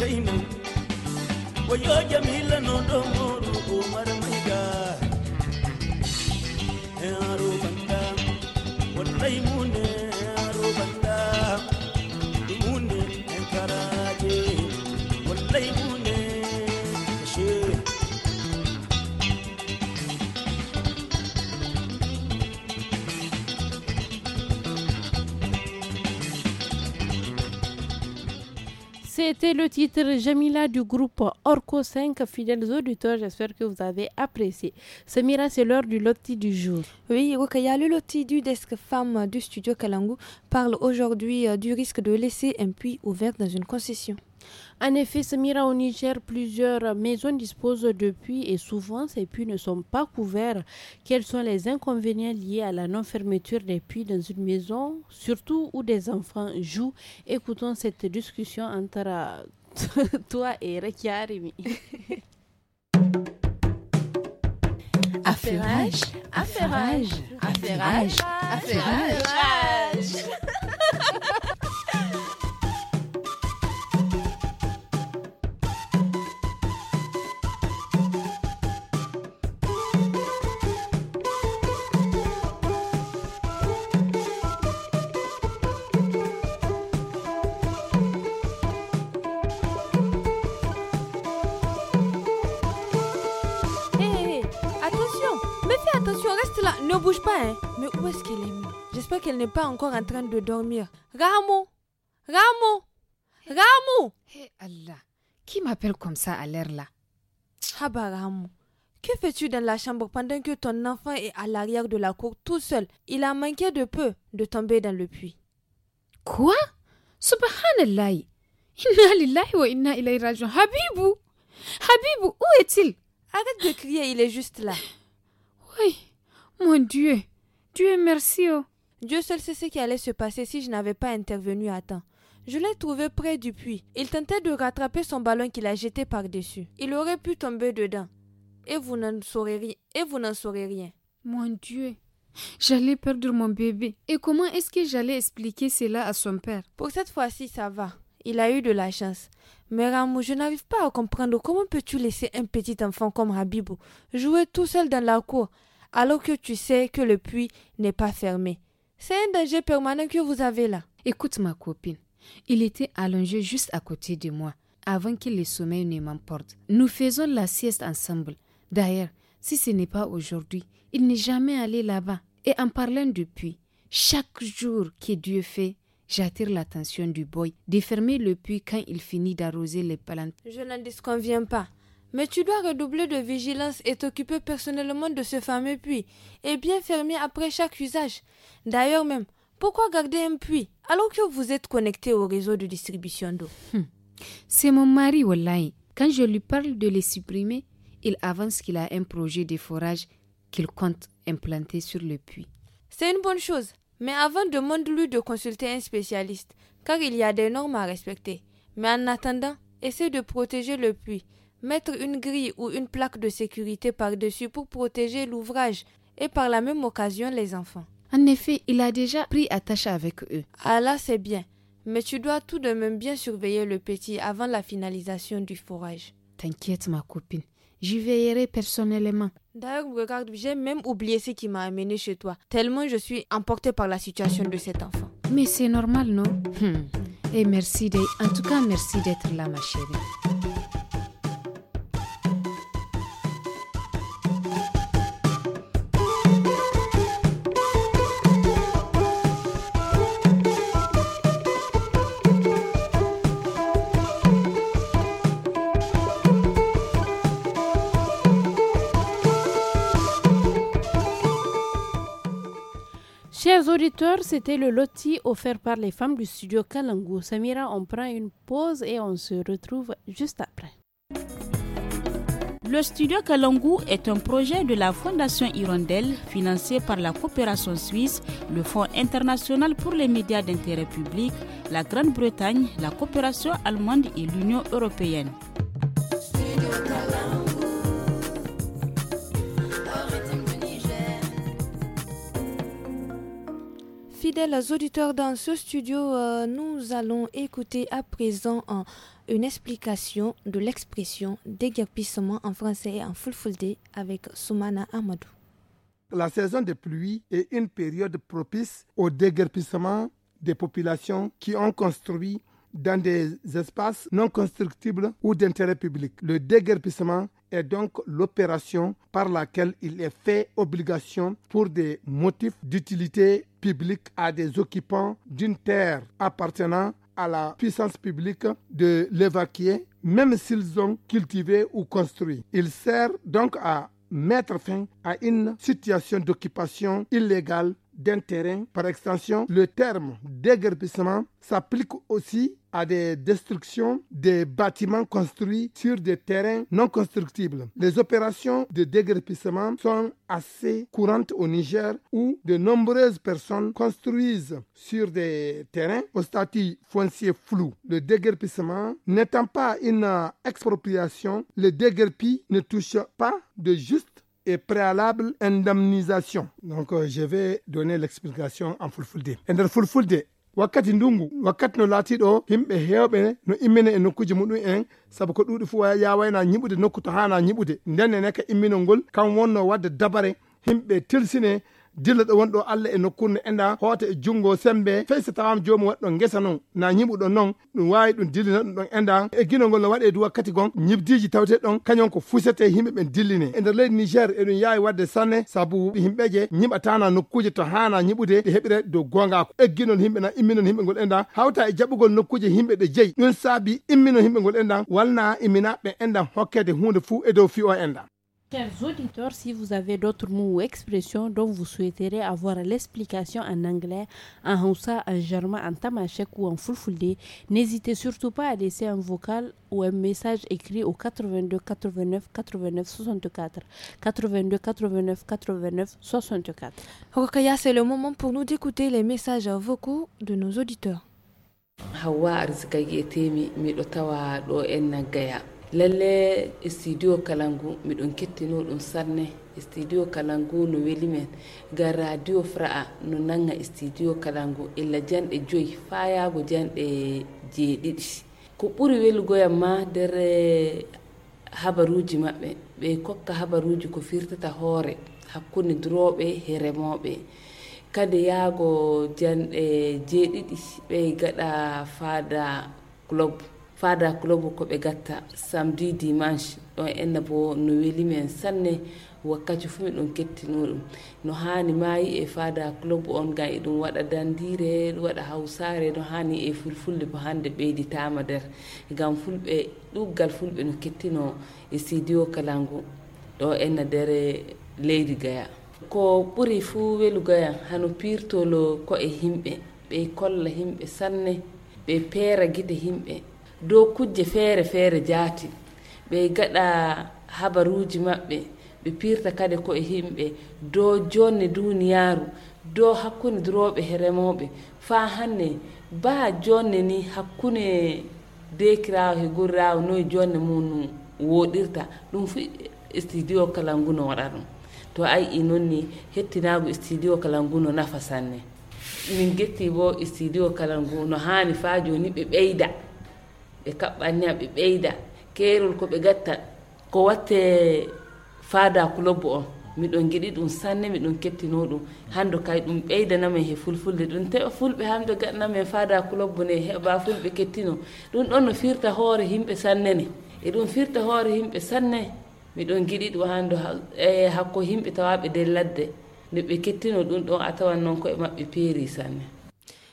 daimu wayo jamila no domo C'était le titre Jamila du groupe Orco 5, fidèles auditeurs. J'espère que vous avez apprécié. Samira, c'est l'heure du loti du jour. Oui, Rokaya, le loti du desk femme du studio Kalangu parle aujourd'hui euh, du risque de laisser un puits ouvert dans une concession. En effet, Samira, au Niger, plusieurs maisons disposent de puits et souvent ces puits ne sont pas couverts. Quels sont les inconvénients liés à la non-fermeture des puits dans une maison, surtout où des enfants jouent Écoutons cette discussion entre euh, toi et Rekia Arimi. Affairage, affairage, affairage, ne bouge pas, hein. Mais où est-ce qu'elle est, mise J'espère qu'elle n'est pas encore en train de dormir. Ramo Ramo Ramo Allah, qui m'appelle comme ça à l'air là Ah bah, que fais-tu dans la chambre pendant que ton enfant est à l'arrière de la cour tout seul Il a manqué de peu de tomber dans le puits. Quoi Subhanallah Inna lillahi wa inna ilayhi raji'un. Habibou Habibou, où est-il Arrête de crier, il est juste là. Oui, mon Dieu, Dieu merci. Oh. Dieu seul sait ce qui allait se passer si je n'avais pas intervenu à temps. Je l'ai trouvé près du puits. Il tentait de rattraper son ballon qu'il a jeté par-dessus. Il aurait pu tomber dedans. Et vous n'en saurez rien. Et vous n'en saurez rien. Mon Dieu, j'allais perdre mon bébé. Et comment est-ce que j'allais expliquer cela à son père Pour cette fois-ci, ça va. Il a eu de la chance. Mais Ramou, je n'arrive pas à comprendre comment peux-tu laisser un petit enfant comme Habibou jouer tout seul dans la cour alors que tu sais que le puits n'est pas fermé. C'est un danger permanent que vous avez là. Écoute ma copine, il était allongé juste à côté de moi avant que le sommeil ne m'emporte. Nous faisons la sieste ensemble. D'ailleurs, si ce n'est pas aujourd'hui, il n'est jamais allé là-bas. Et en parlant du puits, chaque jour que Dieu fait, j'attire l'attention du boy de fermer le puits quand il finit d'arroser les plantes. Je n'en disconviens pas. Mais tu dois redoubler de vigilance et t'occuper personnellement de ce fameux puits, et bien fermer après chaque usage. D'ailleurs même, pourquoi garder un puits alors que vous êtes connecté au réseau de distribution d'eau hmm. C'est mon mari, Wallahi. Quand je lui parle de les supprimer, il avance qu'il a un projet de forage qu'il compte implanter sur le puits. C'est une bonne chose, mais avant demande-lui de consulter un spécialiste, car il y a des normes à respecter. Mais en attendant, essaie de protéger le puits mettre une grille ou une plaque de sécurité par-dessus pour protéger l'ouvrage et par la même occasion les enfants. En effet, il a déjà pris attache avec eux. Ah là, c'est bien. Mais tu dois tout de même bien surveiller le petit avant la finalisation du forage. T'inquiète, ma copine. J'y veillerai personnellement. D'ailleurs, regarde, j'ai même oublié ce qui m'a amené chez toi, tellement je suis emportée par la situation de cet enfant. Mais c'est normal, non hmm. Et eh, merci En tout cas, merci d'être là, ma chérie. c'était le loti offert par les femmes du studio Kalangu. Samira, on prend une pause et on se retrouve juste après. Le studio Kalangu est un projet de la Fondation Hirondelle financé par la coopération suisse, le Fonds international pour les médias d'intérêt public, la Grande-Bretagne, la coopération allemande et l'Union européenne. fidèles auditeurs, dans ce studio, euh, nous allons écouter à présent hein, une explication de l'expression déguerpissement en français et en foldé avec Soumana Amadou. La saison des pluies est une période propice au déguerpissement des populations qui ont construit dans des espaces non constructibles ou d'intérêt public. Le déguerpissement est donc l'opération par laquelle il est fait obligation pour des motifs d'utilité publique à des occupants d'une terre appartenant à la puissance publique de l'évacuer, même s'ils ont cultivé ou construit. Il sert donc à mettre fin à une situation d'occupation illégale d'un terrain. Par extension, le terme déguerpissement s'applique aussi à des destructions des bâtiments construits sur des terrains non constructibles. Les opérations de déguerpissement sont assez courantes au Niger où de nombreuses personnes construisent sur des terrains au statut foncier flou. Le déguerpissement n'étant pas une expropriation, le déguerpi ne touche pas de juste et préalable indemnisation. Donc euh, je vais donner l'explication en fulfulde. full fulfulde wakati ndungu wakati no Wakat no imene e en ya hana ka kam dabare tilsine, dilla ɗo wonɗo allah e nokkurne enɗa hoota e junngo sembe fey so tawama joomum waɗɗon gesa non na ñiɓuɗo noon ɗum wawi ɗum dillina ɗum ɗon enɗa e guinol ngol no waɗe du wakkati gon ñibdiji tawte ɗon kañon ko fusete himɓe ɓen dilline e nder leydi niger eɗum yawi wadde sanne saabu himɓeje ñiɓatana nokkuje to hana ñiɓude ɗe heɓire dow gongako egginol himɓe na imminon himɓe ngol enɗa hawta e jaɓugol nokkuje himɓe ɗe jeeyi ɗum saabi imminon himɓe ngol enɗan walna imminaɓe e enɗan hokkede hunde fuu e dow fi o enɗan Chers auditeurs, si vous avez d'autres mots ou expressions dont vous souhaiterez avoir l'explication en anglais, en houssa, en germain, en tamashek ou en fulfulde, n'hésitez surtout pas à laisser un vocal ou un message écrit au 82 89 89 64. 82 89 89 64. Okaya, c'est le moment pour nous d'écouter les messages vocaux de nos auditeurs. lalle e studio kalangu miɗon kettino ɗum sarne e studio kalangu no weeli men gar radio fra'a no nanga e studio kalangu illa janɗe joyi fayago janɗe jeeɗiɗi ko ɓuuri weligoyam ma nder eh, habaruji maɓɓe ɓe kokka habaruji ko firtata hoore hakkunde duroɓe e remoɓe kadi yaago janɗe eh, jeeɗiɗi ɓe gaɗa fada globe fada club ko ɓe gatta samedi dimanche ɗon e enna bo no welimen sanne wakkati fuu mi ɗum kettino ɗum no hani mayi e fada club on gam eɗum waɗa dandire waɗa hawsare no hani e fulfulde bo hande ɓeyditama nder gam fulɓe ɗuggal fulɓe no kettino e sidio kala ngu ɗo e enna nder e leydi gaya ko ɓuuri fuu welu gaya hano pirtolo ko e himɓe ɓe kolla himɓe sanne ɓe peera guide himɓe dow kujje feere feere jaati ɓe gaɗa habaruji maɓɓe ɓe pirta kadi koye himɓe dow jonne duniyaru dow hakkunde durooɓe he remooɓe faa hannde baa jonne ni hakkunde dekirawo he gurirawo noyi jonne mum wooɗirta ɗum fo studio kala nguno waɗa ɗum to ayi noon ni hettinagu studio kala nguno nafa sanne min getti bo studio kala ngu no haani faa jooni ɓe ɓeyda ɓe kaɓɓanni a ɓe ɓeyda keerol ko ɓe gatta ko watte faada clobbe on miɗon giɗi ɗum sanne miɗon kettino ɗum hande kay ɗum ɓeydanamen he fulfulde ɗum teɓa fulɓe hande gaɗanamen faada clobbe ne heɓa fulɓe kettino ɗum ɗon no firta hoore yimɓe sanne ne e ɗum firta hoore yimɓe sanne miɗon giɗi ɗum hando e hakko yimɓe tawaɓe nde ladde nde ɓe kettino ɗum ɗon a tawan noon koye maɓɓe peeri sanne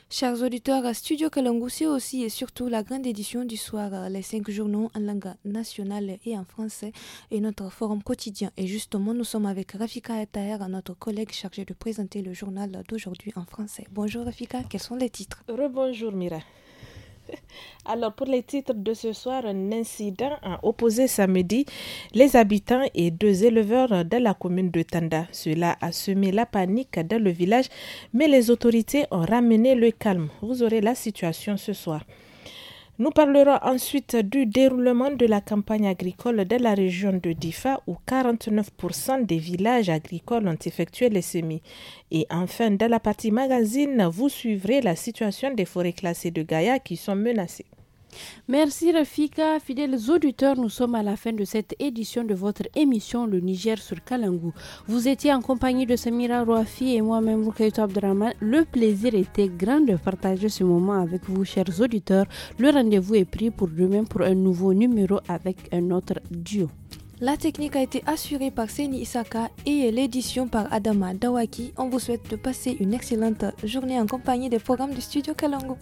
Chers auditeurs, Studio Kalangu, aussi et surtout la grande édition du soir, les cinq journaux en langue nationale et en français, et notre forum quotidien. Et justement, nous sommes avec Rafika Etaher, notre collègue chargée de présenter le journal d'aujourd'hui en français. Bonjour Rafika, quels sont les titres Rebonjour Mira. Alors, pour les titres de ce soir, un incident a opposé samedi les habitants et deux éleveurs de la commune de Tanda. Cela a semé la panique dans le village, mais les autorités ont ramené le calme. Vous aurez la situation ce soir. Nous parlerons ensuite du déroulement de la campagne agricole de la région de Difa où 49% des villages agricoles ont effectué les semis. Et enfin, dans la partie magazine, vous suivrez la situation des forêts classées de Gaïa qui sont menacées. Merci Rafika, fidèles auditeurs, nous sommes à la fin de cette édition de votre émission Le Niger sur Kalangu Vous étiez en compagnie de Samira Rouafi et moi-même Abdraman. Le plaisir était grand de partager ce moment avec vous, chers auditeurs. Le rendez-vous est pris pour demain pour un nouveau numéro avec un autre duo. La technique a été assurée par Seni Isaka et l'édition par Adama Dawaki. On vous souhaite de passer une excellente journée en compagnie des programmes du studio Kalango.